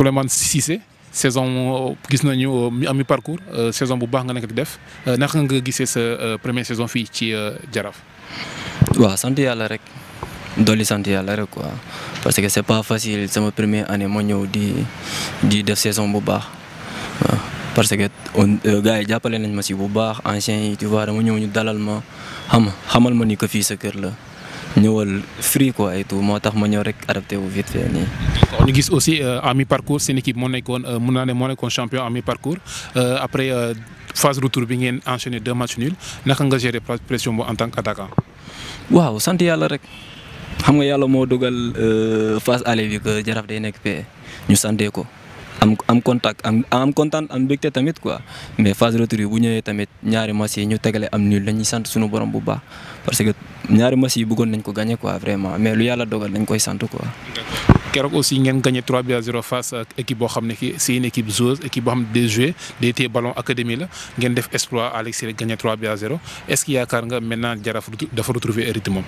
Souleymane Cissé saison euh, gis nañu à euh, mi parcours euh, saison bu baax nga nekk def naka nga gisee sa première saison fi ci Jaraaf. wa sant yalla rek doli sant yalla rek quoi parce que c'est pas facile sama première année mo ñeu di di def saison bu baax parce que on yi jàppale nañ ma ci bu baax ancien yi tu vois dama ñeu ñu dalal ma xam xamal ma ni ko fi sa kër la ñëwal free quoi et tout motax tax ma ñëw rek adapté wu vite fait nii. d'accord ñu gis aussi à euh, mi-parcours une équipe mo nekkoon euh, mun naa ne moo nekkoon champion à mi-parcours euh, après phase retour bi ngeen enchaîné deux matchs nuls naka nga gérer pression bo en tant qu'attaquant. waaw sante yalla rek xam nga yàlla moo dogal phase aller bi que jaraf day nekk pé ñu santé ko. am am contact am am kontaan am tamit quoi mais phase retour yi bu ñëwee tamit ñaari match yi ñu tegale am ni la sant suñu borom bu baax parce que ñaari match yi bëggoon nañ ko gagné quoi vraiment mais lu yàlla dogal dañ koy sant quoi. kérok aussi ngeen gagné 3 buts à 0 face ak équipe bo xamné ki c'est une équipe joueuse équipe bo xam des jouer des day ballon académie la ngeen def exploit à l'extérieur gagné 3 buts à 0 est-ce qu'il que yaakaar nga maintenant da dafa retrouver rythme moom.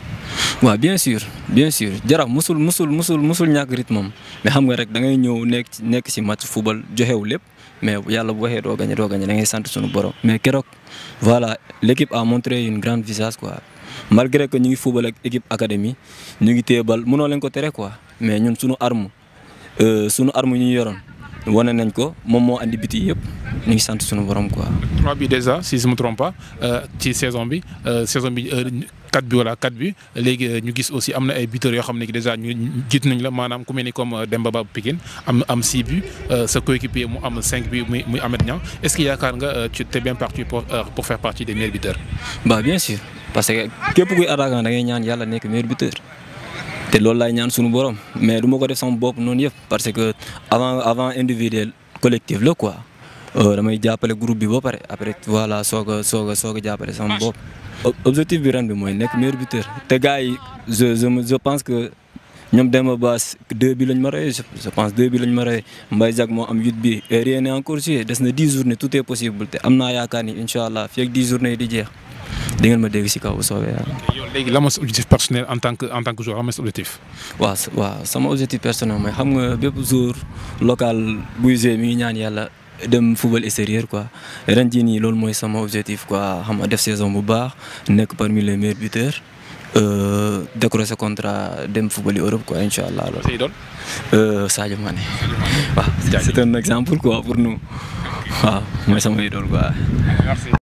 waaw bien sûr bien sûr jaraf musul musul musul musul ñak rythme moom mais xam nga rek da ngay ñew nek ci ci match football joxewu lepp mais yalla bu waxé do gagné do gagné da ngay sante suñu borom mais kérok voilà l'équipe a montré une grande visage quoi malgré que ñu ngi football ak équipe académie ñu ngi téye bal leen ko téré quoi mais ñun suñu arme euh suñu arme ñu yoron woné nañ ko mom mo andi biti yépp ñu ngi sant suñu borom quoi. trois bi déjà si je me trompe pas euh ci saison bi euh saison bi euh, quatre bi wala quatre bi légui euh, ñu gis aussi amna ay buteur yo xamné ne déjà ñu jiit nañ la manam ku mel comme euh, Demba Ba Pikine am am six buts euh sa coéquipier mu am cinq buts muy muy Ameth Niang est-ce que yaakaar nga tu es bien parti pour pour faire partie des meilleurs buteurs. bah bien sûr parce que képp kuy attaquant da ngay ñaan yalla nek meilleur buteur té loolu lay ñaan suñu borom mais duma ko def sama bop non yef parce que avant avant individuel collectif le quoi euh, damay jàppale groupe bi ba paré après voilà soga soga soga a sama bop objectif bi ren bi moy nek meilleur buteur té gaay je je je pense que ñom Demba Baas deux bi lañ ma je pense deux bi lañ ma rey Mbaye Diack am huit bi et rien n'est encore joué des na dix journées tout est possible te am naa yaakaar ni ak dix journées di jeex di ngeen ma dégg si kaw bu soobee léegi lan mooy objectif personnel en tant que en tant que joueur mes na objectif. waaw waaw sama objectif personnel mooy xam nga bépp jour local buy jouer mi ngi ñaan yàlla dem football extérieur quoi ren jii nii loolu mooy sama objectif quoi xam nga def saison bu baax nekk parmi les meilleurs buteurs. Euh, décroché contrat dem football Europe quoi incha allah loolu. Euh, Sadio Mané. waaw c'est un exemple quoi pour nous waaw mooy sama idole quoi. merci.